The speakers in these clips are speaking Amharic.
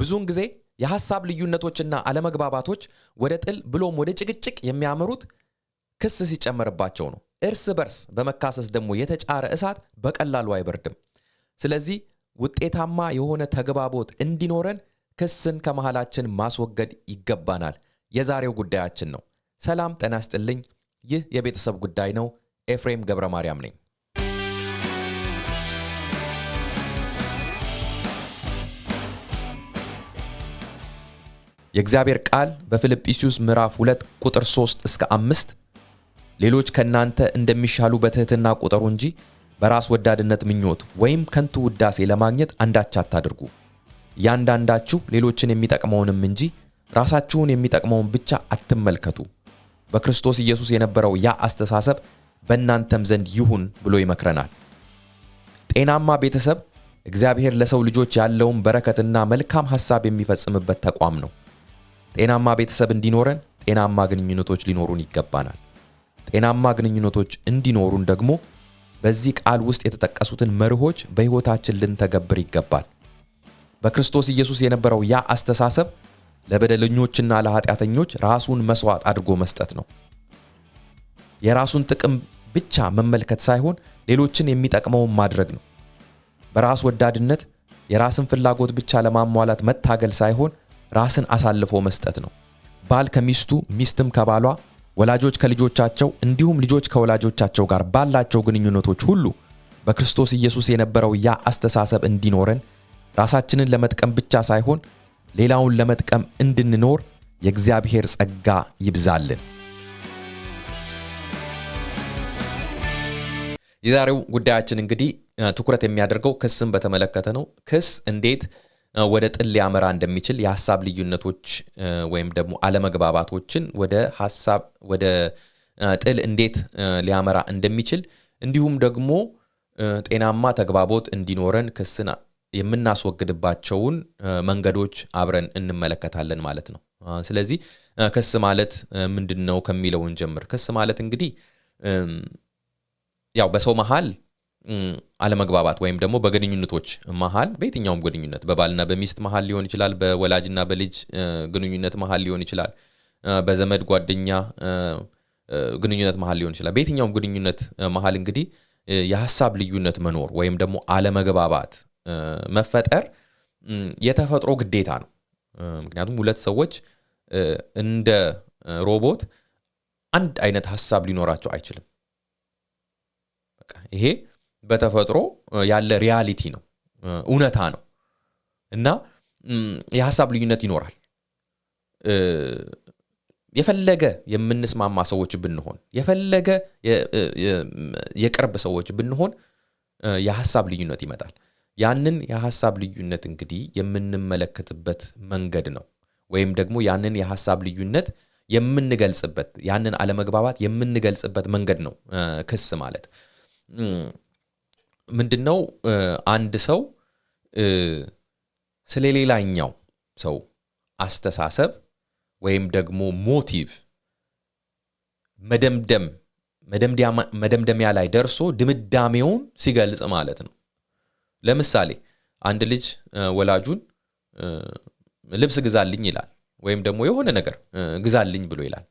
ብዙውን ጊዜ የሐሳብ ልዩነቶችና አለመግባባቶች ወደ ጥል ብሎም ወደ ጭቅጭቅ የሚያመሩት ክስ ሲጨመርባቸው ነው። እርስ በርስ በመካሰስ ደግሞ የተጫረ እሳት በቀላሉ አይበርድም። ስለዚህ ውጤታማ የሆነ ተግባቦት እንዲኖረን ክስን ከመሃላችን ማስወገድ ይገባናል። የዛሬው ጉዳያችን ነው። ሰላም ጤና ይስጥልኝ። ይህ የቤተሰብ ጉዳይ ነው። ኤፍሬም ገብረ ማርያም ነኝ። የእግዚአብሔር ቃል በፊልጵስዩስ ምዕራፍ 2 ቁጥር 3 እስከ 5 ሌሎች ከእናንተ እንደሚሻሉ በትሕትና ቁጠሩ እንጂ በራስ ወዳድነት ምኞት ወይም ከንቱ ውዳሴ ለማግኘት አንዳች አታድርጉ። እያንዳንዳችሁ ሌሎችን የሚጠቅመውንም እንጂ ራሳችሁን የሚጠቅመውን ብቻ አትመልከቱ። በክርስቶስ ኢየሱስ የነበረው ያ አስተሳሰብ በእናንተም ዘንድ ይሁን ብሎ ይመክረናል። ጤናማ ቤተሰብ እግዚአብሔር ለሰው ልጆች ያለውን በረከትና መልካም ሐሳብ የሚፈጽምበት ተቋም ነው። ጤናማ ቤተሰብ እንዲኖረን ጤናማ ግንኙነቶች ሊኖሩን ይገባናል። ጤናማ ግንኙነቶች እንዲኖሩን ደግሞ በዚህ ቃል ውስጥ የተጠቀሱትን መርሆች በሕይወታችን ልንተገብር ይገባል። በክርስቶስ ኢየሱስ የነበረው ያ አስተሳሰብ ለበደለኞችና ለኃጢአተኞች ራሱን መሥዋዕት አድርጎ መስጠት ነው። የራሱን ጥቅም ብቻ መመልከት ሳይሆን ሌሎችን የሚጠቅመውን ማድረግ ነው። በራስ ወዳድነት የራስን ፍላጎት ብቻ ለማሟላት መታገል ሳይሆን ራስን አሳልፎ መስጠት ነው። ባል ከሚስቱ፣ ሚስትም ከባሏ፣ ወላጆች ከልጆቻቸው እንዲሁም ልጆች ከወላጆቻቸው ጋር ባላቸው ግንኙነቶች ሁሉ በክርስቶስ ኢየሱስ የነበረው ያ አስተሳሰብ እንዲኖረን ራሳችንን ለመጥቀም ብቻ ሳይሆን ሌላውን ለመጥቀም እንድንኖር የእግዚአብሔር ጸጋ ይብዛልን። የዛሬው ጉዳያችን እንግዲህ ትኩረት የሚያደርገው ክስን በተመለከተ ነው። ክስ እንዴት ወደ ጥል ሊያመራ እንደሚችል የሀሳብ ልዩነቶች ወይም ደግሞ አለመግባባቶችን ወደ ሀሳብ ወደ ጥል እንዴት ሊያመራ እንደሚችል እንዲሁም ደግሞ ጤናማ ተግባቦት እንዲኖረን ክስን የምናስወግድባቸውን መንገዶች አብረን እንመለከታለን ማለት ነው። ስለዚህ ክስ ማለት ምንድን ነው ከሚለውን ጀምር። ክስ ማለት እንግዲህ ያው በሰው መሀል አለመግባባት ወይም ደግሞ በግንኙነቶች መሀል በየትኛውም ግንኙነት በባልና በሚስት መሀል ሊሆን ይችላል፣ በወላጅና በልጅ ግንኙነት መሀል ሊሆን ይችላል፣ በዘመድ ጓደኛ ግንኙነት መሀል ሊሆን ይችላል። በየትኛውም ግንኙነት መሀል እንግዲህ የሀሳብ ልዩነት መኖር ወይም ደግሞ አለመግባባት መፈጠር የተፈጥሮ ግዴታ ነው። ምክንያቱም ሁለት ሰዎች እንደ ሮቦት አንድ አይነት ሀሳብ ሊኖራቸው አይችልም። ይሄ በተፈጥሮ ያለ ሪያሊቲ ነው፣ እውነታ ነው እና የሀሳብ ልዩነት ይኖራል። የፈለገ የምንስማማ ሰዎች ብንሆን፣ የፈለገ የቅርብ ሰዎች ብንሆን የሀሳብ ልዩነት ይመጣል። ያንን የሀሳብ ልዩነት እንግዲህ የምንመለከትበት መንገድ ነው ወይም ደግሞ ያንን የሀሳብ ልዩነት የምንገልጽበት ያንን አለመግባባት የምንገልጽበት መንገድ ነው ክስ ማለት። ምንድን ነው አንድ ሰው ስለሌላኛው ሰው አስተሳሰብ ወይም ደግሞ ሞቲቭ መደምደም መደምደሚያ ላይ ደርሶ ድምዳሜውን ሲገልጽ ማለት ነው። ለምሳሌ አንድ ልጅ ወላጁን ልብስ ግዛልኝ ይላል፣ ወይም ደግሞ የሆነ ነገር ግዛልኝ ብሎ ይላል።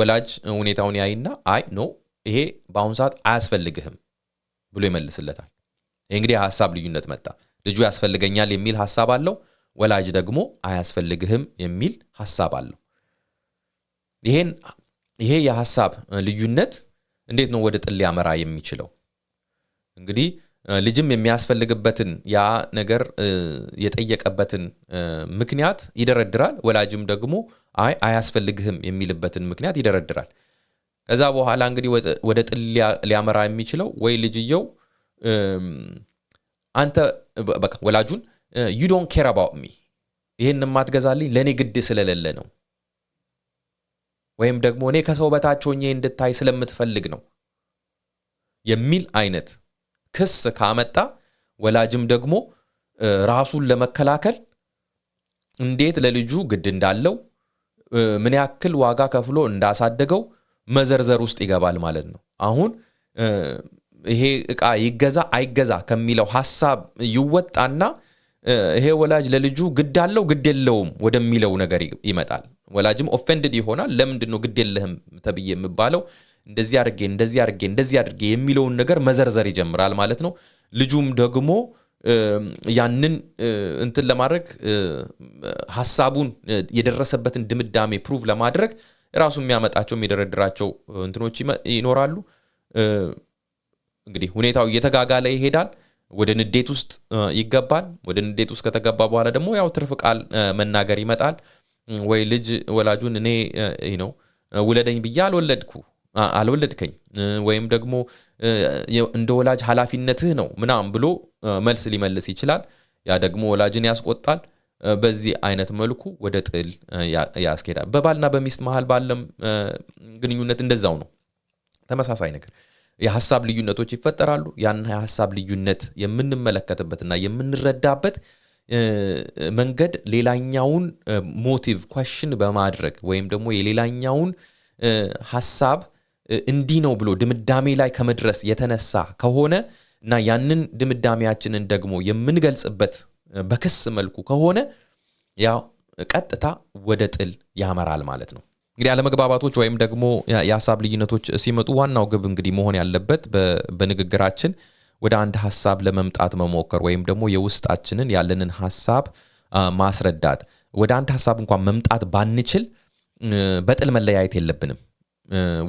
ወላጅ ሁኔታውን ያይና አይ ኖ ይሄ በአሁኑ ሰዓት አያስፈልግህም ብሎ ይመልስለታል። ይህ እንግዲህ የሀሳብ ልዩነት መጣ። ልጁ ያስፈልገኛል የሚል ሀሳብ አለው፣ ወላጅ ደግሞ አያስፈልግህም የሚል ሀሳብ አለው። ይሄን ይሄ የሀሳብ ልዩነት እንዴት ነው ወደ ጥል ሊያመራ የሚችለው? እንግዲህ ልጅም የሚያስፈልግበትን ያ ነገር የጠየቀበትን ምክንያት ይደረድራል። ወላጅም ደግሞ አይ አያስፈልግህም የሚልበትን ምክንያት ይደረድራል። ከዛ በኋላ እንግዲህ ወደ ጥል ሊያመራ የሚችለው ወይ ልጅየው አንተ በቃ ወላጁን ዩ ዶንት ኬር አባውት ሚ ይህን የማትገዛልኝ ለእኔ ግድ ስለሌለ ነው፣ ወይም ደግሞ እኔ ከሰው በታች ሆኜ እንድታይ ስለምትፈልግ ነው የሚል አይነት ክስ ካመጣ ወላጅም ደግሞ ራሱን ለመከላከል እንዴት ለልጁ ግድ እንዳለው ምን ያክል ዋጋ ከፍሎ እንዳሳደገው መዘርዘር ውስጥ ይገባል ማለት ነው። አሁን ይሄ እቃ ይገዛ አይገዛ ከሚለው ሀሳብ ይወጣና ይሄ ወላጅ ለልጁ ግድ አለው ግድ የለውም ወደሚለው ነገር ይመጣል። ወላጅም ኦፌንድድ ይሆናል። ለምንድን ነው ግድ የለህም ተብዬ የምባለው? እንደዚህ አድርጌ እንደዚህ አድርጌ እንደዚህ አድርጌ የሚለውን ነገር መዘርዘር ይጀምራል ማለት ነው። ልጁም ደግሞ ያንን እንትን ለማድረግ ሀሳቡን የደረሰበትን ድምዳሜ ፕሩቭ ለማድረግ ራሱ የሚያመጣቸው የሚደረድራቸው እንትኖች ይኖራሉ። እንግዲህ ሁኔታው እየተጋጋለ ይሄዳል። ወደ ንዴት ውስጥ ይገባል። ወደ ንዴት ውስጥ ከተገባ በኋላ ደግሞ ያው ትርፍ ቃል መናገር ይመጣል። ወይ ልጅ ወላጁን እኔ ነው ውለደኝ ብዬ አልወለድኩ አልወለድከኝ ወይም ደግሞ እንደ ወላጅ ሀላፊነትህ ነው ምናምን ብሎ መልስ ሊመልስ ይችላል። ያ ደግሞ ወላጅን ያስቆጣል። በዚህ አይነት መልኩ ወደ ጥል ያስኬዳል። በባልና በሚስት መሀል ባለም ግንኙነት እንደዛው ነው። ተመሳሳይ ነገር የሀሳብ ልዩነቶች ይፈጠራሉ። ያን የሀሳብ ልዩነት የምንመለከትበትና የምንረዳበት መንገድ ሌላኛውን ሞቲቭ ኳሽን በማድረግ ወይም ደግሞ የሌላኛውን ሀሳብ እንዲህ ነው ብሎ ድምዳሜ ላይ ከመድረስ የተነሳ ከሆነ እና ያንን ድምዳሜያችንን ደግሞ የምንገልጽበት በክስ መልኩ ከሆነ ያው ቀጥታ ወደ ጥል ያመራል ማለት ነው። እንግዲህ አለመግባባቶች ወይም ደግሞ የሀሳብ ልዩነቶች ሲመጡ ዋናው ግብ እንግዲህ መሆን ያለበት በንግግራችን ወደ አንድ ሀሳብ ለመምጣት መሞከር ወይም ደግሞ የውስጣችንን ያለንን ሀሳብ ማስረዳት። ወደ አንድ ሀሳብ እንኳን መምጣት ባንችል በጥል መለያየት የለብንም።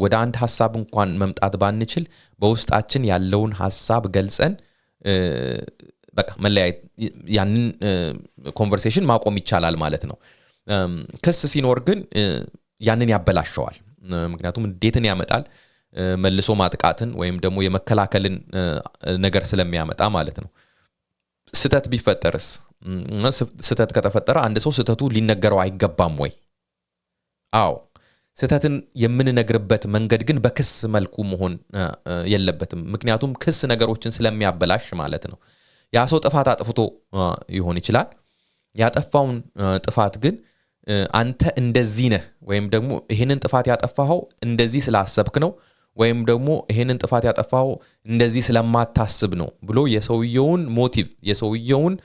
ወደ አንድ ሀሳብ እንኳን መምጣት ባንችል በውስጣችን ያለውን ሀሳብ ገልጸን በቃ መለያየት ያንን ኮንቨርሴሽን ማቆም ይቻላል ማለት ነው። ክስ ሲኖር ግን ያንን ያበላሸዋል። ምክንያቱም እንዴትን ያመጣል መልሶ ማጥቃትን ወይም ደግሞ የመከላከልን ነገር ስለሚያመጣ ማለት ነው። ስህተት ቢፈጠርስ? ስህተት ከተፈጠረ አንድ ሰው ስህተቱ ሊነገረው አይገባም ወይ? አዎ። ስህተትን የምንነግርበት መንገድ ግን በክስ መልኩ መሆን የለበትም። ምክንያቱም ክስ ነገሮችን ስለሚያበላሽ ማለት ነው። ያ ሰው ጥፋት አጥፍቶ ይሆን ይችላል። ያጠፋውን ጥፋት ግን አንተ እንደዚህ ነህ ወይም ደግሞ ይህንን ጥፋት ያጠፋኸው እንደዚህ ስላሰብክ ነው ወይም ደግሞ ይህንን ጥፋት ያጠፋኸው እንደዚህ ስለማታስብ ነው ብሎ የሰውየውን ሞቲቭ የሰውየውን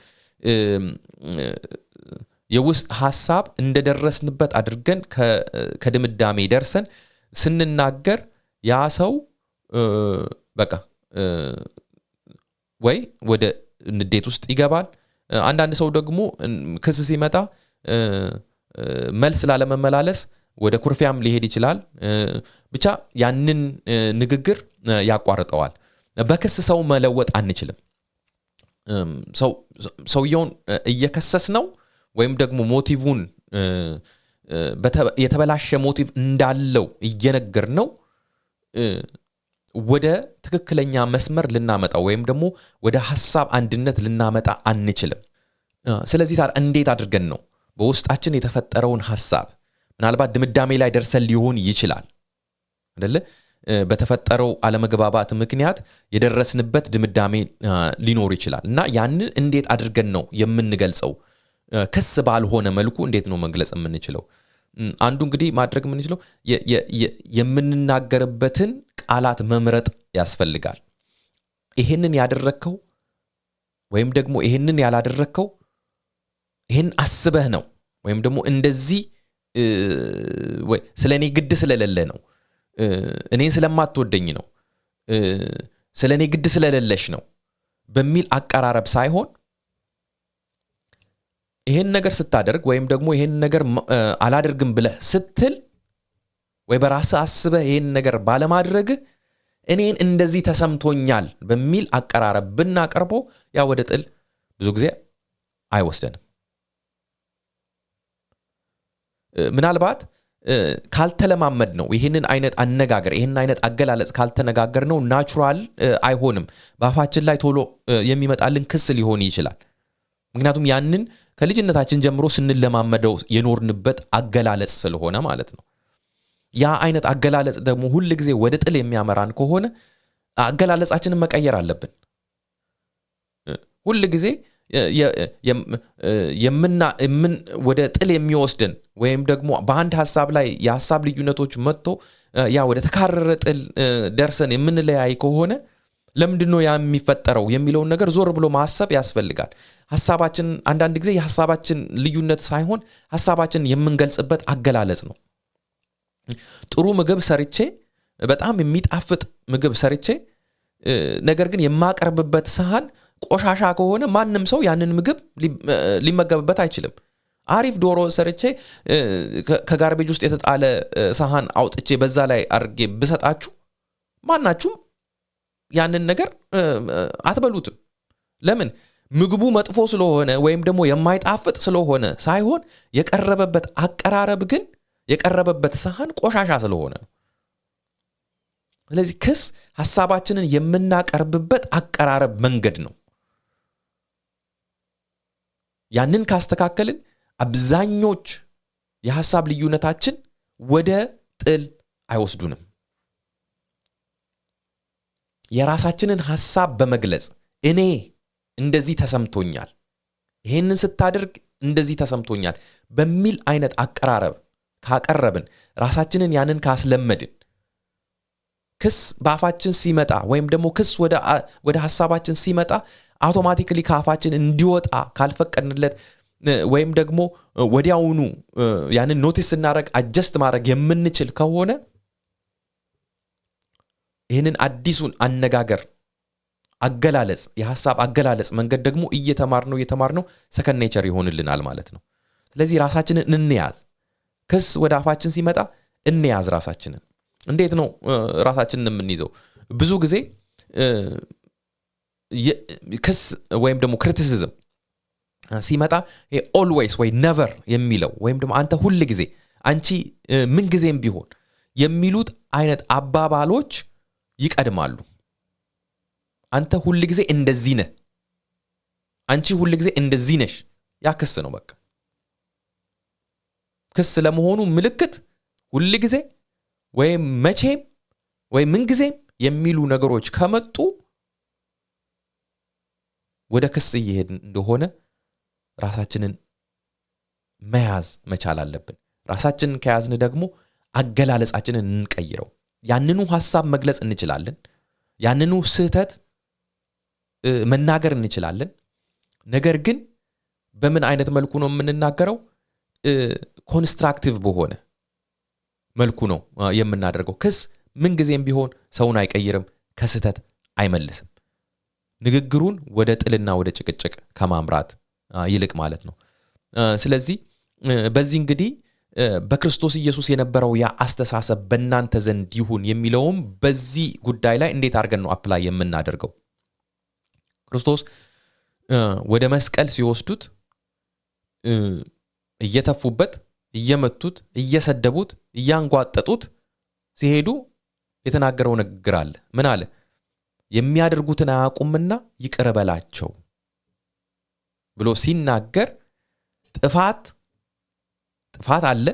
የውስጥ ሀሳብ እንደደረስንበት አድርገን ከድምዳሜ ደርሰን ስንናገር ያ ሰው በቃ ወይ ወደ ንዴት ውስጥ ይገባል። አንዳንድ ሰው ደግሞ ክስ ሲመጣ መልስ ላለመመላለስ ወደ ኩርፊያም ሊሄድ ይችላል። ብቻ ያንን ንግግር ያቋርጠዋል። በክስ ሰው መለወጥ አንችልም። ሰውየውን እየከሰስ ነው ወይም ደግሞ ሞቲቭን የተበላሸ ሞቲቭ እንዳለው እየነገር ነው ወደ ትክክለኛ መስመር ልናመጣው ወይም ደግሞ ወደ ሀሳብ አንድነት ልናመጣ አንችልም። ስለዚህ ታዲያ እንዴት አድርገን ነው በውስጣችን የተፈጠረውን ሀሳብ ምናልባት ድምዳሜ ላይ ደርሰን ሊሆን ይችላል አይደለ? በተፈጠረው አለመግባባት ምክንያት የደረስንበት ድምዳሜ ሊኖር ይችላል እና ያንን እንዴት አድርገን ነው የምንገልጸው? ክስ ባልሆነ መልኩ እንዴት ነው መግለጽ የምንችለው? አንዱ እንግዲህ ማድረግ የምንችለው የምንናገርበትን ቃላት መምረጥ ያስፈልጋል። ይህንን ያደረግከው ወይም ደግሞ ይህንን ያላደረግከው ይህን አስበህ ነው ወይም ደግሞ እንደዚህ ስለ እኔ ግድ ስለሌለ ነው፣ እኔን ስለማትወደኝ ነው፣ ስለ እኔ ግድ ስለሌለሽ ነው በሚል አቀራረብ ሳይሆን ይህን ነገር ስታደርግ ወይም ደግሞ ይህን ነገር አላደርግም ብለህ ስትል ወይ በራስህ አስበህ ይህን ነገር ባለማድረግ እኔን እንደዚህ ተሰምቶኛል በሚል አቀራረብ ብናቀርቦ ያ ወደ ጥል ብዙ ጊዜ አይወስደንም። ምናልባት ካልተለማመድ ነው ይህንን አይነት አነጋገር ይህንን አይነት አገላለጽ ካልተነጋገር ነው ናቹራል አይሆንም። በአፋችን ላይ ቶሎ የሚመጣልን ክስ ሊሆን ይችላል። ምክንያቱም ያንን ከልጅነታችን ጀምሮ ስንለማመደው የኖርንበት አገላለጽ ስለሆነ ማለት ነው። ያ አይነት አገላለጽ ደግሞ ሁል ጊዜ ወደ ጥል የሚያመራን ከሆነ አገላለጻችንን መቀየር አለብን። ሁል ጊዜ ወደ ጥል የሚወስድን ወይም ደግሞ በአንድ ሀሳብ ላይ የሀሳብ ልዩነቶች መጥቶ ያ ወደ ተካረረ ጥል ደርሰን የምንለያይ ከሆነ ለምንድን ነው ያ የሚፈጠረው የሚለውን ነገር ዞር ብሎ ማሰብ ያስፈልጋል። ሀሳባችን አንዳንድ ጊዜ የሀሳባችን ልዩነት ሳይሆን ሀሳባችን የምንገልጽበት አገላለጽ ነው። ጥሩ ምግብ ሰርቼ በጣም የሚጣፍጥ ምግብ ሰርቼ ነገር ግን የማቀርብበት ሳህን ቆሻሻ ከሆነ ማንም ሰው ያንን ምግብ ሊመገብበት አይችልም። አሪፍ ዶሮ ሰርቼ ከጋርቤጅ ውስጥ የተጣለ ሳህን አውጥቼ በዛ ላይ አድርጌ ብሰጣችሁ ማናችሁም ያንን ነገር አትበሉትም። ለምን? ምግቡ መጥፎ ስለሆነ ወይም ደግሞ የማይጣፍጥ ስለሆነ ሳይሆን የቀረበበት አቀራረብ ግን የቀረበበት ሰሃን ቆሻሻ ስለሆነ ነው። ስለዚህ ክስ ሀሳባችንን የምናቀርብበት አቀራረብ መንገድ ነው። ያንን ካስተካከልን አብዛኞች የሀሳብ ልዩነታችን ወደ ጥል አይወስዱንም። የራሳችንን ሀሳብ በመግለጽ እኔ እንደዚህ ተሰምቶኛል፣ ይህንን ስታደርግ እንደዚህ ተሰምቶኛል በሚል አይነት አቀራረብ ካቀረብን ራሳችንን ያንን ካስለመድን ክስ በአፋችን ሲመጣ ወይም ደግሞ ክስ ወደ ሀሳባችን ሲመጣ አውቶማቲካሊ ከአፋችን እንዲወጣ ካልፈቀድንለት ወይም ደግሞ ወዲያውኑ ያንን ኖቲስ ስናደረግ አጀስት ማድረግ የምንችል ከሆነ ይህንን አዲሱን አነጋገር አገላለጽ የሀሳብ አገላለጽ መንገድ ደግሞ እየተማር እየተማርነው ሰከንድ ኔቸር ይሆንልናል ማለት ነው። ስለዚህ ራሳችንን እንያዝ። ክስ ወደ አፋችን ሲመጣ እንያዝ ራሳችንን። እንዴት ነው ራሳችንን የምንይዘው? ብዙ ጊዜ ክስ ወይም ደግሞ ክሪቲሲዝም ሲመጣ ኦልዌይስ ወይ ነቨር የሚለው ወይም ደግሞ አንተ ሁል ጊዜ፣ አንቺ ምንጊዜም ቢሆን የሚሉት አይነት አባባሎች ይቀድማሉ። አንተ ሁል ጊዜ እንደዚህ ነህ፣ አንቺ ሁል ጊዜ እንደዚህ ነሽ። ያ ክስ ነው። በቃ ክስ ለመሆኑ ምልክት ሁል ጊዜ ወይም መቼም ወይም ምንጊዜም የሚሉ ነገሮች ከመጡ ወደ ክስ እየሄድን እንደሆነ ራሳችንን መያዝ መቻል አለብን። ራሳችንን ከያዝን ደግሞ አገላለጻችንን እንቀይረው። ያንኑ ሀሳብ መግለጽ እንችላለን። ያንኑ ስህተት መናገር እንችላለን። ነገር ግን በምን አይነት መልኩ ነው የምንናገረው? ኮንስትራክቲቭ በሆነ መልኩ ነው የምናደርገው። ክስ ምንጊዜም ቢሆን ሰውን አይቀይርም፣ ከስህተት አይመልስም። ንግግሩን ወደ ጥልና ወደ ጭቅጭቅ ከማምራት ይልቅ ማለት ነው። ስለዚህ በዚህ እንግዲህ በክርስቶስ ኢየሱስ የነበረው ያ አስተሳሰብ በእናንተ ዘንድ ይሁን የሚለውም በዚህ ጉዳይ ላይ እንዴት አድርገን ነው አፕላይ የምናደርገው? ክርስቶስ ወደ መስቀል ሲወስዱት እየተፉበት፣ እየመቱት፣ እየሰደቡት፣ እያንጓጠጡት ሲሄዱ የተናገረው ንግግር አለ። ምን አለ? የሚያደርጉትን አያቁምና ይቅርበላቸው ብሎ ሲናገር ጥፋት ጥፋት አለ።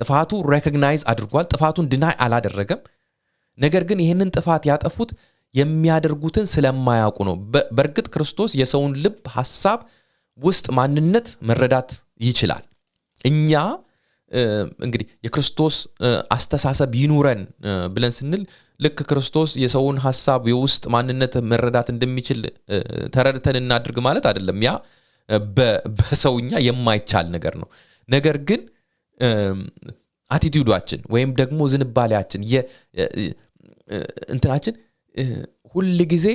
ጥፋቱ ሬኮግናይዝ አድርጓል። ጥፋቱን ድናይ አላደረገም። ነገር ግን ይህንን ጥፋት ያጠፉት የሚያደርጉትን ስለማያውቁ ነው። በእርግጥ ክርስቶስ የሰውን ልብ ሀሳብ፣ ውስጥ ማንነት መረዳት ይችላል። እኛ እንግዲህ የክርስቶስ አስተሳሰብ ይኑረን ብለን ስንል ልክ ክርስቶስ የሰውን ሀሳብ የውስጥ ማንነት መረዳት እንደሚችል ተረድተን እናድርግ ማለት አይደለም። ያ በሰውኛ የማይቻል ነገር ነው። ነገር ግን አቲቲዩዳችን ወይም ደግሞ ዝንባሌያችን እንትናችን ሁል ጊዜ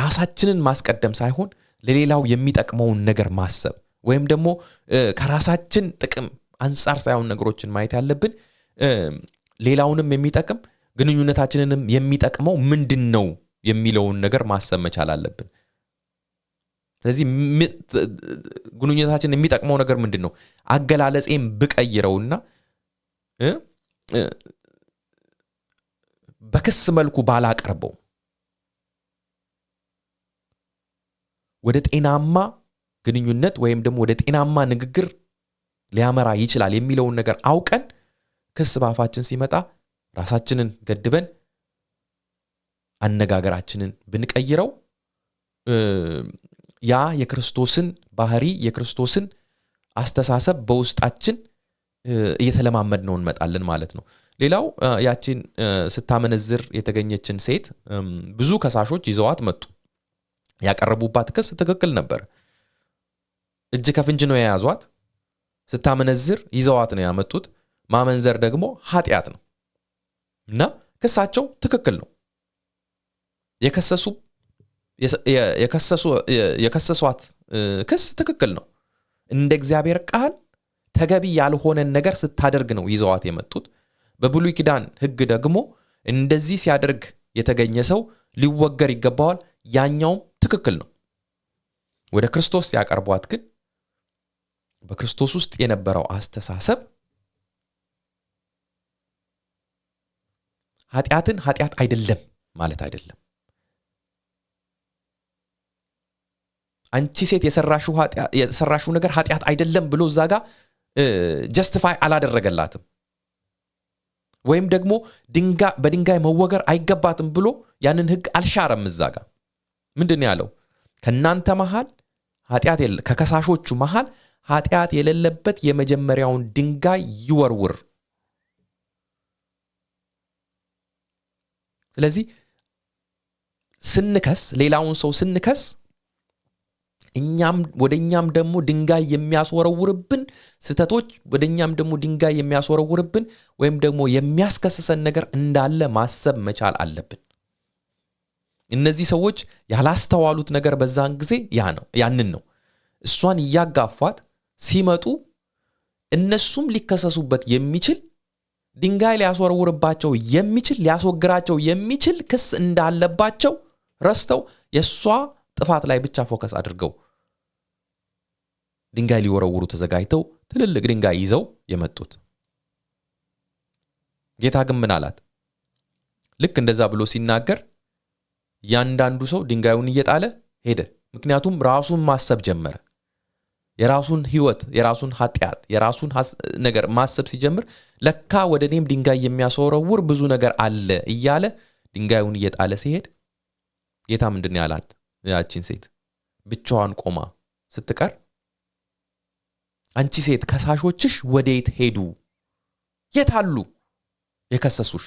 ራሳችንን ማስቀደም ሳይሆን ለሌላው የሚጠቅመውን ነገር ማሰብ ወይም ደግሞ ከራሳችን ጥቅም አንጻር ሳይሆን ነገሮችን ማየት ያለብን ሌላውንም የሚጠቅም ግንኙነታችንንም የሚጠቅመው ምንድን ነው የሚለውን ነገር ማሰብ መቻል አለብን። ስለዚህ ግንኙነታችን የሚጠቅመው ነገር ምንድን ነው? አገላለጼም ብቀይረውና በክስ መልኩ ባላቀርበው ወደ ጤናማ ግንኙነት ወይም ደግሞ ወደ ጤናማ ንግግር ሊያመራ ይችላል የሚለውን ነገር አውቀን ክስ በአፋችን ሲመጣ ራሳችንን ገድበን አነጋገራችንን ብንቀይረው ያ የክርስቶስን ባህሪ የክርስቶስን አስተሳሰብ በውስጣችን እየተለማመድ ነው እንመጣለን ማለት ነው። ሌላው ያቺን ስታመነዝር የተገኘችን ሴት ብዙ ከሳሾች ይዘዋት መጡ። ያቀረቡባት ክስ ትክክል ነበር። እጅ ከፍንጅ ነው የያዟት። ስታመነዝር ይዘዋት ነው ያመጡት። ማመንዘር ደግሞ ኃጢአት ነው እና ክሳቸው ትክክል ነው። የከሰሱ የከሰሷት ክስ ትክክል ነው። እንደ እግዚአብሔር ቃል ተገቢ ያልሆነን ነገር ስታደርግ ነው ይዘዋት የመጡት። በብሉይ ኪዳን ህግ ደግሞ እንደዚህ ሲያደርግ የተገኘ ሰው ሊወገር ይገባዋል። ያኛውም ትክክል ነው። ወደ ክርስቶስ ያቀርቧት ግን በክርስቶስ ውስጥ የነበረው አስተሳሰብ ኃጢአትን ኃጢአት አይደለም ማለት አይደለም። አንቺ ሴት የሰራሽው ነገር ኃጢአት አይደለም ብሎ እዛ ጋ ጀስቲፋይ አላደረገላትም። ወይም ደግሞ በድንጋይ መወገር አይገባትም ብሎ ያንን ህግ አልሻረም። እዛ ጋር ምንድን ያለው ከእናንተ መሃል ኃጢአት የለ ከከሳሾቹ መሃል ኃጢአት የሌለበት የመጀመሪያውን ድንጋይ ይወርውር። ስለዚህ ስንከስ ሌላውን ሰው ስንከስ እኛም ወደ እኛም ደግሞ ድንጋይ የሚያስወረውርብን ስህተቶች ወደ እኛም ደግሞ ድንጋይ የሚያስወረውርብን ወይም ደግሞ የሚያስከስሰን ነገር እንዳለ ማሰብ መቻል አለብን። እነዚህ ሰዎች ያላስተዋሉት ነገር በዛን ጊዜ ያ ነው ያንን ነው እሷን እያጋፏት ሲመጡ እነሱም ሊከሰሱበት የሚችል ድንጋይ ሊያስወረውርባቸው የሚችል ሊያስወግራቸው የሚችል ክስ እንዳለባቸው ረስተው የእሷ ጥፋት ላይ ብቻ ፎከስ አድርገው ድንጋይ ሊወረውሩ ተዘጋጅተው ትልልቅ ድንጋይ ይዘው የመጡት። ጌታ ግን ምን አላት? ልክ እንደዛ ብሎ ሲናገር እያንዳንዱ ሰው ድንጋዩን እየጣለ ሄደ። ምክንያቱም ራሱን ማሰብ ጀመረ። የራሱን ህይወት የራሱን ኃጢአት፣ የራሱን ነገር ማሰብ ሲጀምር ለካ ወደ እኔም ድንጋይ የሚያስወረውር ብዙ ነገር አለ እያለ ድንጋዩን እየጣለ ሲሄድ ጌታ ምንድን ያላት? ያቺን ሴት ብቻዋን ቆማ ስትቀር አንቺ ሴት ከሳሾችሽ ወዴት ሄዱ? የት አሉ የከሰሱሽ?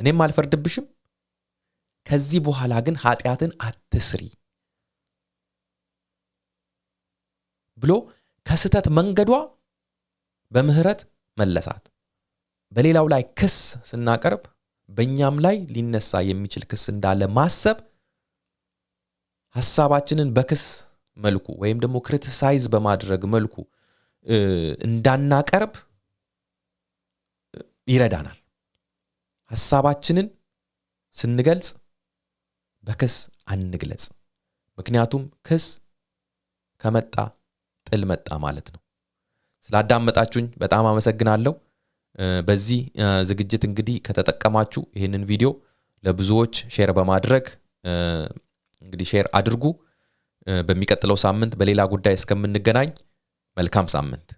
እኔም አልፈርድብሽም። ከዚህ በኋላ ግን ኃጢአትን አትስሪ ብሎ ከስተት መንገዷ በምህረት መለሳት። በሌላው ላይ ክስ ስናቀርብ በእኛም ላይ ሊነሳ የሚችል ክስ እንዳለ ማሰብ ሀሳባችንን በክስ መልኩ ወይም ደግሞ ክሪቲሳይዝ በማድረግ መልኩ እንዳናቀርብ ይረዳናል። ሀሳባችንን ስንገልጽ በክስ አንግለጽ። ምክንያቱም ክስ ከመጣ ጥል መጣ ማለት ነው። ስላዳመጣችሁኝ በጣም አመሰግናለሁ። በዚህ ዝግጅት እንግዲህ ከተጠቀማችሁ ይህንን ቪዲዮ ለብዙዎች ሼር በማድረግ እንግዲህ ሼር አድርጉ። በሚቀጥለው ሳምንት በሌላ ጉዳይ እስከምንገናኝ መልካም ሳምንት